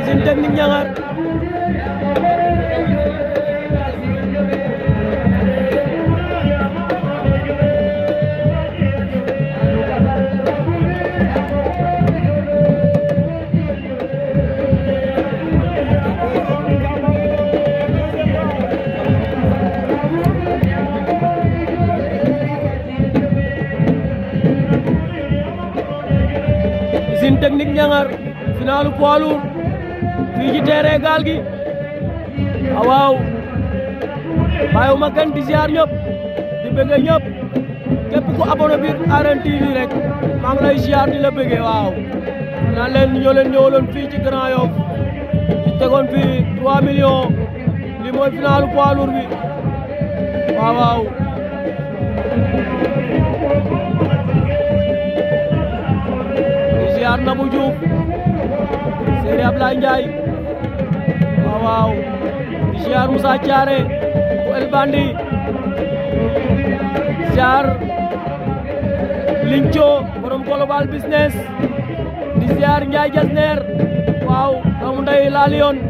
Usine technique Niakhar technique Niangar finalu poids lourd fii ci terrain Gaal Gui ah waaw bàyyiwuma kenn di ziar ñëpp di bëgg ñëpp képp ku abonné biir Arène rek maa lay ziar di la bëggee waaw. naan leen ñoo leen ñëwaloon fii ci tegoon fii 3 millions li mooy finalu poids lourd na Nabou Diouf Serigne Ablaye Ndiaye waaw waaw di ziar Moussa Thiaré El Bandi ziar Lincho borom global business di ziar Ndiaye Jasner waaw doomu ndey Lalion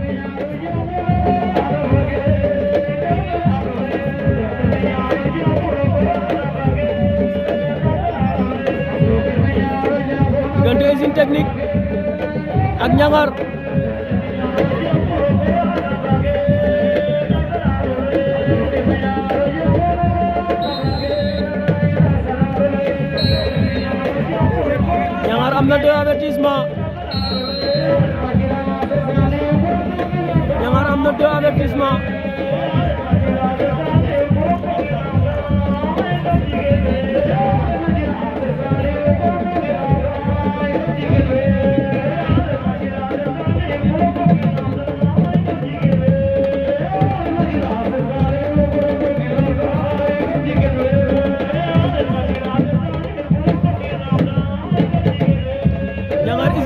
반영을 양을 암날 되어야겠지마 양을 암날 되어야겠지마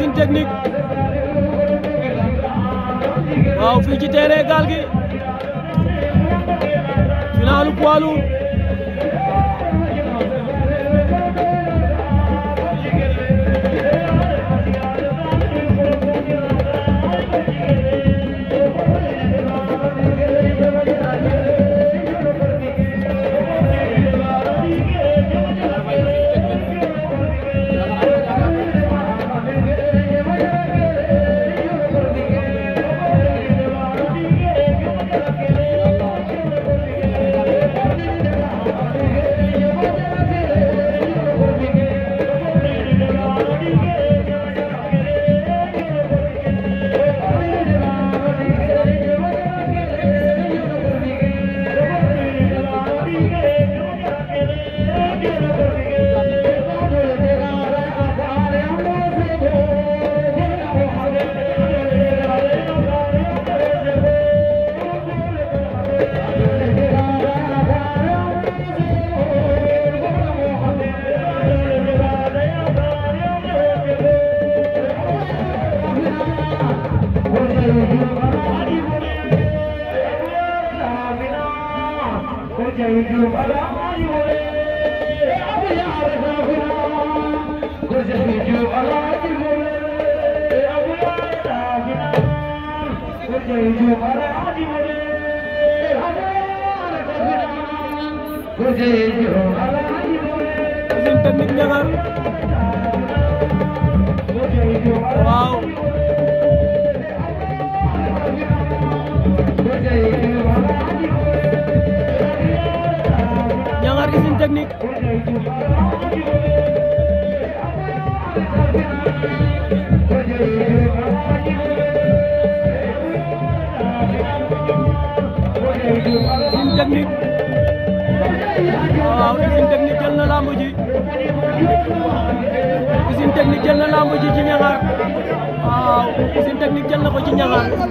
usine technique waaw fii ci terrain gaal gi finalu poids lourd बोलता Usine Technique waaw Usine Technique jël na lamb ji Usine Technique jël na lamb ji ci Niakhar waaw Usine Technique jël na ko ci Niakhar